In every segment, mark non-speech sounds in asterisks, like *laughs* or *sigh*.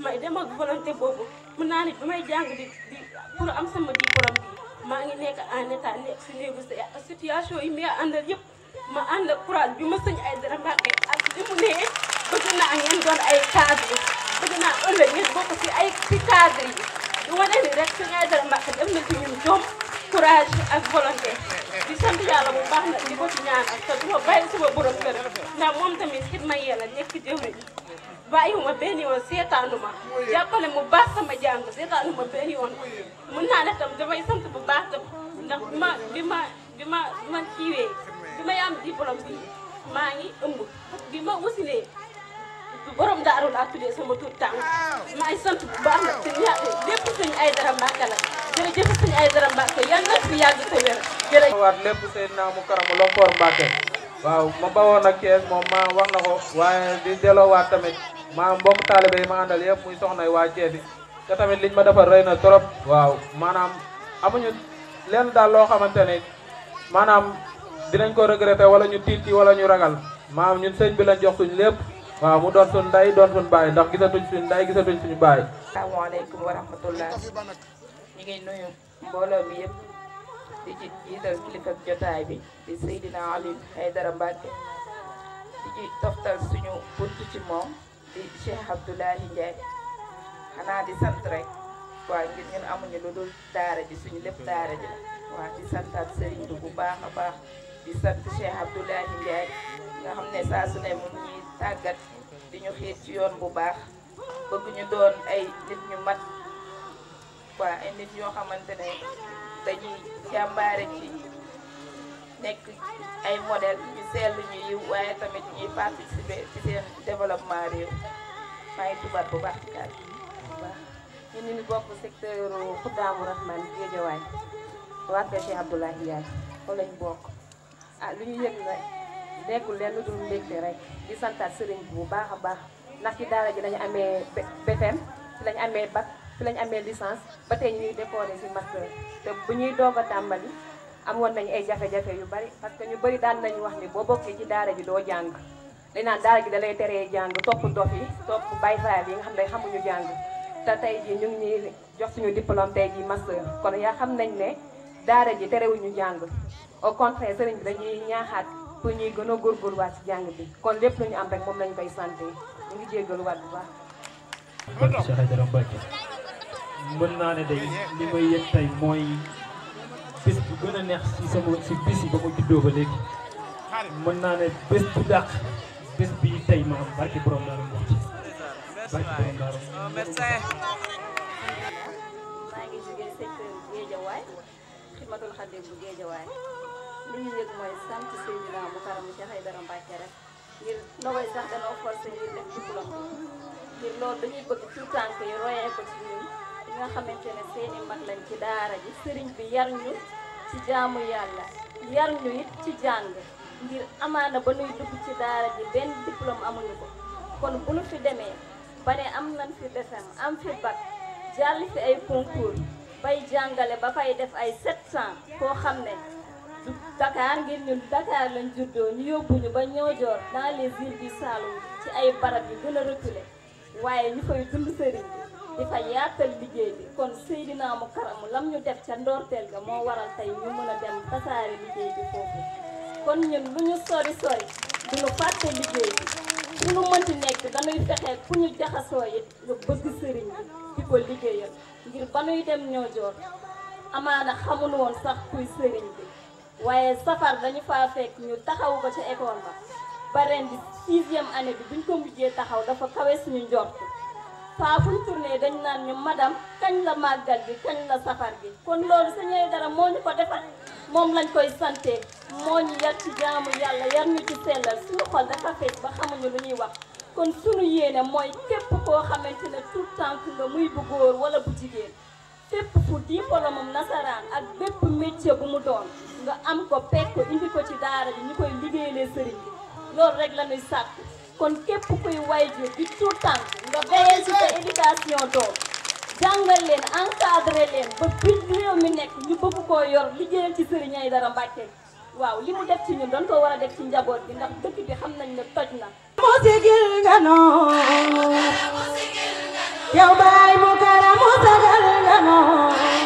may dem ak volonté boobu mun naa ne bi may jàng di di pour am sama diplôme bi maa ngi nekk en état nekk si négocier ak situation yi muy àndal yëpp ma ànd ak courage bi ma sëñ ay dara mbàkke ak ay cadre bëgg naa ëllëg ngeen bokk si ay si cadre yi di wane ni rek sëñ ay dem na ci ñun jom courage ak volonté di sant yàlla bu baax nag di ko ci ñaanal te du ma bàyyi sama borom kër ndax bayi mo e beni on setanuma jappale mo basta ma jango setanuma beni on e munana tam dama sant bu baax tam ndax ma bima bima ma kiwe bima yam diplôme bi ma ngi ëmb bima wusile borom daarul la tudé sama tout tang ma ay sant bu baax nak seigne ya lepp seigne ay dara mbaka la jere jef seigne ay dara mbaka yalla fi yag te wer ya. jere wat lepp seigne na mu karam lompor mbake waaw ma bawoon ak kees moom ma wax na ko waaye di delloo waat tamit maanaam mbokk taalibe yi ma àndal yëpp muy soxnay waa Cees yi te tamit liñ ma defar rey na trop waaw maanaam amuñu lenn daal loo xamante ne maanaam dinañ ko regretté wala ñu tiit ci wala ñu ragal maanaam ñun sëñ bi lañ jox suñ lépp waaw mu doon suñ nday doon suñ baay ndax gisatuñ suñ nday gisatuñ suñu baay asalaamaaleykum wa rahmatullah ñi ngi nuyu mbooloo mi yëpp di ci jiital kilifa jotaay bi di Seydina Aliou Haydara Mbacke di ci toftal suñu bunt ci moom di Cheikh Abdoulahi Ndiaye xanaa di sant rek waaw ngir ñun amuñu lu dul daara ji suñu lépp daara ji waaw di santaat sëriñ bu baax a baax di sant Cheikh Abdoulahi Ndiaye nga xam ne saa su ne mu ñuy tàggat di ñu xiit ci yoon bu baax bëgg ñu doon ay nit ñu mat waaw ay nit yoo xamante ne dañuy jàmbaare ci nekk ay modèle ñu seetlu ñu yiw waaye tamit ñuy participer ci seen développement réew maa ngi bu baax di kàddu ñun ñu ngi bokk secteur Xudaamu Rahman Géejawaay waa kër Cheikh Abdoulaye Ndiaye lañ bokk ah lu ñu yëg na nekkul leen lu dul mbégte rek di santaat sëriñ bu baax a baax ndax ci daara ji lañu amee BFEM ci lañu amee bac ci lañu amee licence ba tey ñuy si ci master te bu ñuy doog a tàmbali am amoon nañu ay jafe-jafe yu bari parce que ñu bari daan nañu wax ni boo bokkee ci daara ji doo jàng dañ naan daara ji da lay teree jàng topp dof yi topp bay faay yi nga xam ne xamuñu jàng te tey ji ñu ngi ñuy jox suñu diplôme tey ji master kon yaa xam nañ ne daara ji terewuñu jàng au contraire sëriñ bi dañuy ñaaxaat pour ñuy gën a góorgóorluwaat ci jàng bi kon lépp lu ñu am rek moom lañ koy sant ñu ngi jéggaluwaat bu baax. Cheikh Aïdara Mbacke gën a neex si sama si bis yi ba ma juddoo ba léegi mën naa ne bés bu dàq bés bii tey ma am barki borom daaru Muxti barki oh, maa ngi jógee secteur Géejawaay Xidmatul Xaadim bu Géejawaay li yëg mooy sant Seydina Mukarram Cheikh Aïdara Mbacke rek ngir ndogoy sax danoo forcé ngir def diplôme ngir loolu dañuy bëgg tout tànk yi royee ko ci ñun nga xamante ne seeni mag lañ ci daara ji sëriñ bi yar ñu ci jaamu yàlla yar ñu it ci jàng ngir amaana ba nuy dugg ci daara ji benn diplôme amuñu ko kon bu nu fi demee ba ne am nañ fi BFEM am fi bac jàll fi ay yi bay jàngale ba fay def ay 700 koo xam ne du Dakar ngir ñun Dakar lañ juddoo ñu yóbbuñu ba Niodior joor les villes du Saloum ci ay barab yi gën a reculé waaye ñu koy dund sëriñ di fa yaatal liggéey bi kon Seydina mu karamu lam ñu def ca ndoorteel ga moo waral tey ñu mën a dem tasaare liggéey bi foofu kon ñun lu ñu sori sori duñu fàtte liggéey bi fu ñu mënti nekk dañuy fexe ku ñu jaxasoo it ñu bëgg sëriñ bi di ko liggéeyal ngir ba nuy dem ñoo joor amaana xamuñu woon sax kuy sëriñ bi waaye safar dañu fa fekk ñu taxaw ko ca école ba ba ren di sixième année bi buñ ko mujjee taxaw dafa kawe suñu njort saa fuñ tourné dañ naan ñu madame kañ la màggal bi kañ la safar bi kon loolu Sëñ dara moo ñu ko defal moom lañ koy sante moo ñu yar ci jaamu yàlla yar ñu ci sellal suñu xol dafa fees ba xamuñu lu ñuy wax kon suñu yéene mooy képp koo xamante ne tout temps nga muy bu góor wala bu jigéen fépp fu diplôme nasaraan ak bépp métier bu mu doon nga am ko pekk indi ko ci daara bi ñu koy liggéeyalee sëriñ bi loolu rek la sàkk kon képp kuy waajur di tout temps nga veillé ci sa éducation doom jàngal leen encadré leen ba bi réew mi nekk ñu bëgg koo yor liggéeyal ci Serigne dara Mbacke waaw li mu def ci ñun dañ koo war a def ci njaboot bi ndax dëkk bi xam nañ ne toj na mu baay mu kara mu sagal nga noo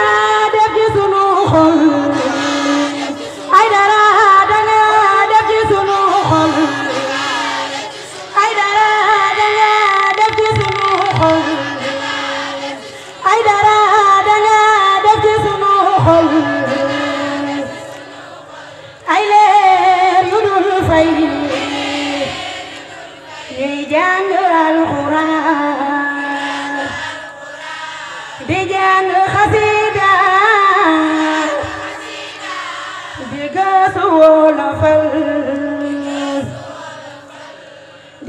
yaa def ci sunu xol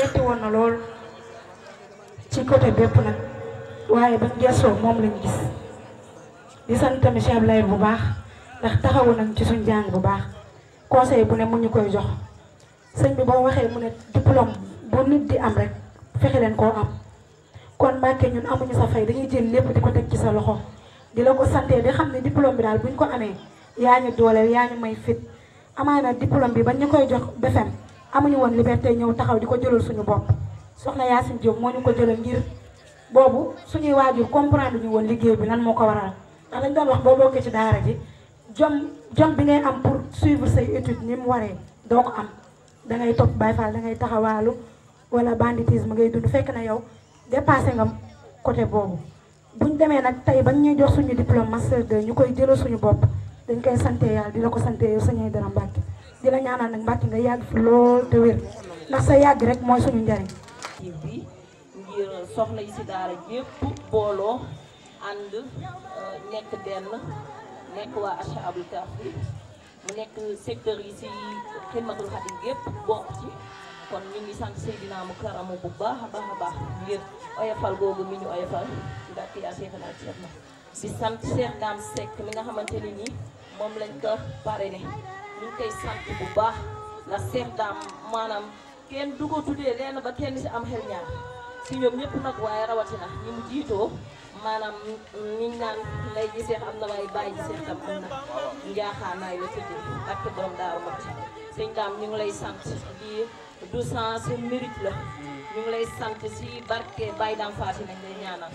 metti woon na lool ci côté bépp nag waaye bañ gëstoo moom lañ gis di sant tamit Cheikh Abdoulaye bu baax ndax taxawu nañ ci suñ jàng bu baax conseil bu ne mu ñu koy jox sëñ bi boo waxee mu ne diplôme bu nit di am rek fexe leen koo am kon Mbàkke ñun amuñu sa fay dañuy jël lépp di ko teg ci sa loxo di la ko santee di xam ne diplôme bi daal bu buñ ko amee yaa ñu dooleel yaa ñu may fit amaana diplôme bi bañ ñu koy jox BFEM amuñu woon liberté ñëw taxaw di ko jëlal suñu bopp soxna Yacine Diop moo ñu ko jëlal ngir boobu suñuy waajur comprendre ñu woon liggéey bi lan moo ko waral ndax dañ doon wax boo bokkee ci daara ji jom jom bi ngay am pour suivre say études ni mu waree doo am da ngay topp Baay Faal da ngay taxawaalu wala banditisme ngay dund fekk na yow dépassé nga côté boobu buñ demee nag tey bañ ñuy jox suñu diplôme master 2 ñu koy jëlal suñu bopp dañ koy sante yàlla dina ko sante yow sañay dara Mbàkke di la ñaanal nak Mbàkke nga yag fi lool te wér ndax sa yag rek moy suñu njariñ bi ngir soxna yi ci daara yépp and eh, nek ben nek wa acha Ashabul tahfi mu nek secteur yi ci khidmatul xadim yépp bok ci kon ñu ngi sant sayidina mu karamu bu baax baax baax ngir oyofal gogu mi ñu oyofal ndax ya seexal ak seet na di sante Cheikh dam sek mi nga xamanteni ni mom lañ ko parrainé ñu ngi koy sant bu baax ndax seen daam maanaam kenn du ko tuddee leen ba kenn si am xel ñaar si ñoom ñëpp nag waaye rawatina ñu mu jiitoo maanaam niñ naan lay ji am na waaye bàyyi ji seex tam am na njaaxaanaay la tëdd ak borom daaru mat sëñ daam ñu ngi lay sant di du sens mérite la ñu ngi lay sant si barke Baye Dame Faati nañ lay ñaanal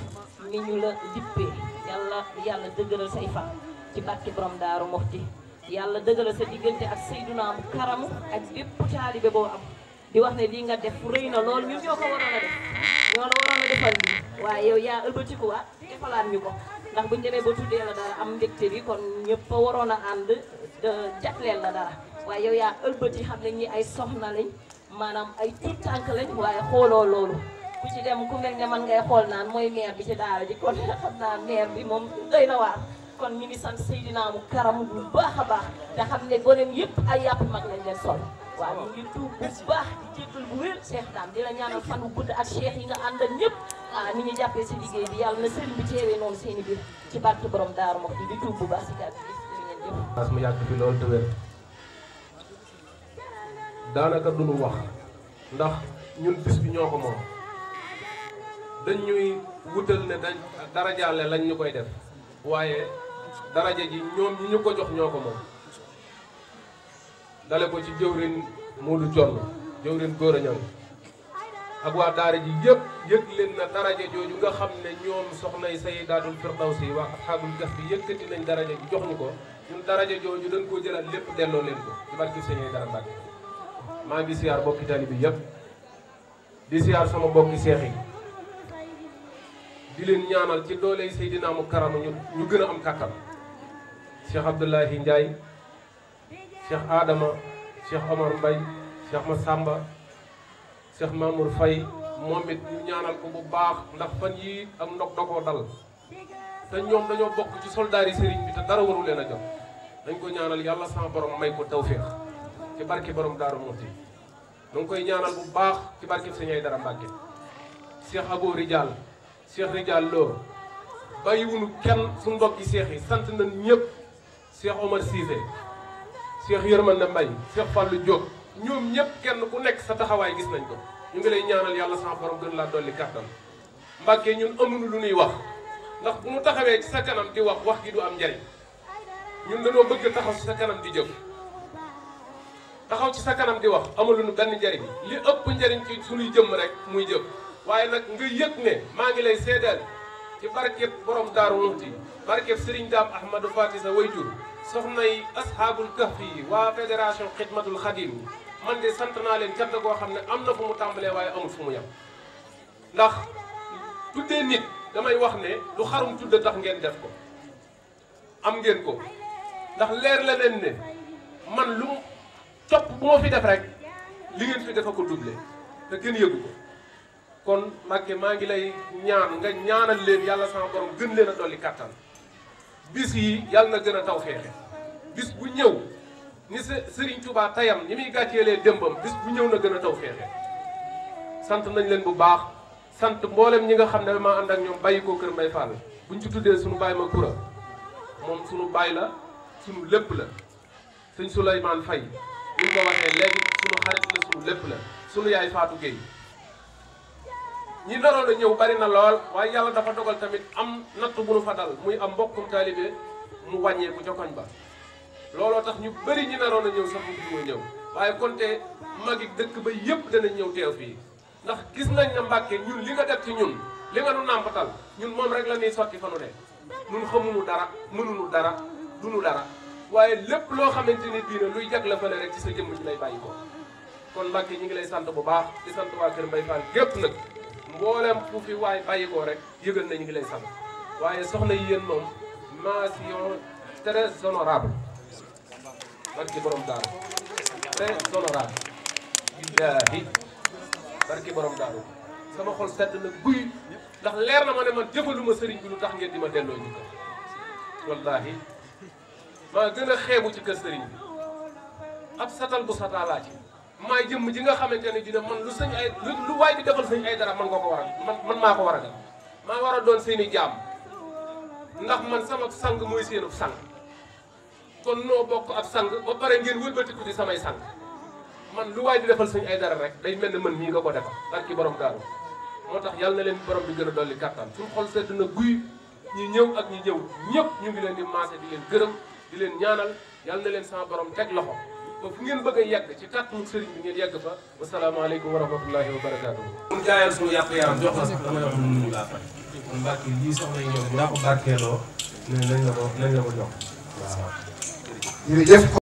ni ñu la dippee yàlla yàlla dëgëral say fan ci barke borom daaru moxti yàlla dëggal sa diggante ak Seydina am karamu ak bépp taalibe boo am di wax ne lii nga def rëy na loolu ñu ñoo ko waroon a def ñoo la waroon a defal lii waaye yow yaa ëlbatikuwaat ah, ñu demee ba tuddee la am mbégte bi kon ñëpp a waroon a ànd jagleel la dara waaye yow yaa ëlbati xam ne ñi ay soxna lañ maanaam ay tuut tànk lañ waaye xooloo loolu ku ci dem ku mel ne man ngay xool naan mooy maire bi ci daara kon *laughs* xam naa maire bi moom doy na waar kon ñu ngi sant Seydina mu karam bu baax a baax te xam ne goneem yëpp ay yàpp mag lañ leen sol waaw ñu ngi tuub bu baax di jégalu bu wér Cheikh Dame di la ñaanal fan bu gudd ak Cheikh yi nga àndal ñëpp ah ni ñu jàppee si liggéey bi yàlla na sëriñ bi teewee noonu seen i biir ci barke borom daaru mox di tuub bu baax ci kàddu gi mu yàgg fi loolu te wér daanaka du wax ndax ñun bis bi ñoo ko moom dañ wutal ne dañ dara jàlle lañ ñu koy def waaye. daraja ji ñoom ñi ñu ko jox ñoo ko moom dale ko ci jëwrin Moodu Jonn góor a Ñang ak waa daara ji yëpp yëg leen na daraja jooju nga xam ne ñoom soxnay Sayyidatul Firdawsi waa Asxaabul Kahfi yëkkati nañ daraja ji jox ñu ko ñun daraja jooju dañ koo jëlaat lépp delloo leen ko ci barki Sëñ dara Mbàkke maa ngi bokki tali bi yëpp di siyaar sama bokki seex yi di leen ñaanal ci dooley Seydina mu karamu ñu ñu gën a am kàttan Cheikh Abdoulahi Ndiaye Cheikh Adama Cheikh Omar Mbaye Cheikh Massamba Cheikh Mamour Faye moom it ñu ñaanal ko bu baax ndax fan yi ak ndog dakoo dal te ñoom dañoo bokk ci soldaar yi sëriñ bi te dara waru a jot dañ ko ñaanal yàlla sama borom may ko tawféex ci barke borom Daaru Muxti ñu ngi koy ñaanal bu baax ci barke Sëñ ay dara Mbàkke Cheikh Abo Rijal Cheikh Rijal Lo bàyyiwunu kenn suñu mbokki seex yi sant nañ ñëpp Cheikh Omar Cissé Cheikh Yërmande Mbaye Cheikh Fallou jóg ñoom ñëpp kenn ku nekk sa taxawaay gis nañ ko ñu ngi lay ñaanal yàlla sama borom gën laa dolli kàttan Mbàkke ñun amuñu lu ñuy wax ndax bu mu taxawee ci sa kanam di wax wax gi du am njariñ ñun dañoo bëgg taxaw ci sa kanam di jëf taxaw ci sa kanam di wax amaluñu benn njariñ li ëpp njariñ ci suñuy jëmm rek muy jëf waaye nag nga yëg ne maa ngi lay seedeel ci barket borom Daaru Muxti barkeb Serigne Dame Ahmadou Faty sa wayjur soxnay asxaabul kahfi yi waa fédération xidmatul xadim man de sant naa leen cant goo xam ne am na fu mu tàmbalee waaye amul fu mu yem ndax tuddee nit damay wax ne lu xarum tudd tax ngeen def ko am ngeen ko ndax leer la leen ne man lu topp bu ma fi def rek li ngeen fi defa ko doublé te gën yëgu ko kon Mbàkke maa ngi lay ñaan nga ñaanal leen yàlla sama borom gën leen a dolli kàttan bis yi yàlla na gën a taw bis bu ñëw ni Serigne Touba tayam ni muy lee démbam bis bu ñëw na gën a taw sant nañ leen bu baax sant mboolem ñi nga xam ne maa ànd ak ñoom bàyyi ko kër Mbay Fall buñ ci tuddee suñu baay ma kura moom sunu baay la sunu lépp la sëñ Souleymane Faye ñu ko waxee léegi suñu xarit la suñu lépp la suñu yaay Fatou Gueye ñi doroon a ñëw bari na lool waaye yàlla dafa dogal tamit am natt bu nu fa dal muy am mbokkum taalibe mu wàññeeku ca koñ ba looloo tax ñu bëri ñi naroon a ñëw sax mu ñëw waaye konte magi dëkk ba yépp dana ñëw teew fii ndax gis nañ na Mbàkke ñun li nga def ci ñun li nga nu nàmpatal ñun moom rek la ñuy sotti fa nu de ñun xamuñu dara mënulu dara duñu dara waaye lépp loo xamante ni bii luy jag la fële rek ci sa jëmm ci lay bàyyi ko kon Mbàkke ñi ngi lay sant bu baax di sant waa Kër Mbaye Fall nag mboolem fu fi waay bàyyi ko rek yëgal nañu ngi lay sant waaye soxna yi yéen moom mention très honorable barki borom daaru très honorable billaahi barki borom daaru sama xol set na guy ndax leer na ma ne man jëfaluma sëriñ bi lu tax ngeen di ma delloo ñu ko wallaahi maa gën a xeebu ci kër sëriñ bi ab satal bu satalaa ci may jëm ji nga xamante dina man lu señ ay lu way di defal señ ay dara man nga ko war man man mako ko war a def maa war doon seen i jaam ndax man sama sang moy seenu sang kon no bokk ab sang ba pare ngeen wëlbatiku di samay sang man lu way di defal señ ay dara rek day melni man mi nga ko defal barki borom daaru motax yalla na leen borom bi gëna doli kattan suñu xol sét na guy ñi ñew ak ñi ñëw ñepp ñu ngi leen di masé di leen gëreum di leen ñaanal yalla na leen sama borom tek loxo ba fu ngeen bëgg a yegg ci kàttanu sëriñ bi ngeen yegg fa wasalaamaaleykum wa rahmatullahi wa barakaatu. mu jaayal suñu yàqu jox la sax dama la mu laa fay. kon barke lii soxna yi ñoom bu